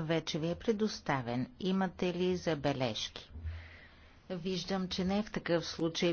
вече ви е предоставен. Имате ли забележки? Виждам, че не е в такъв случай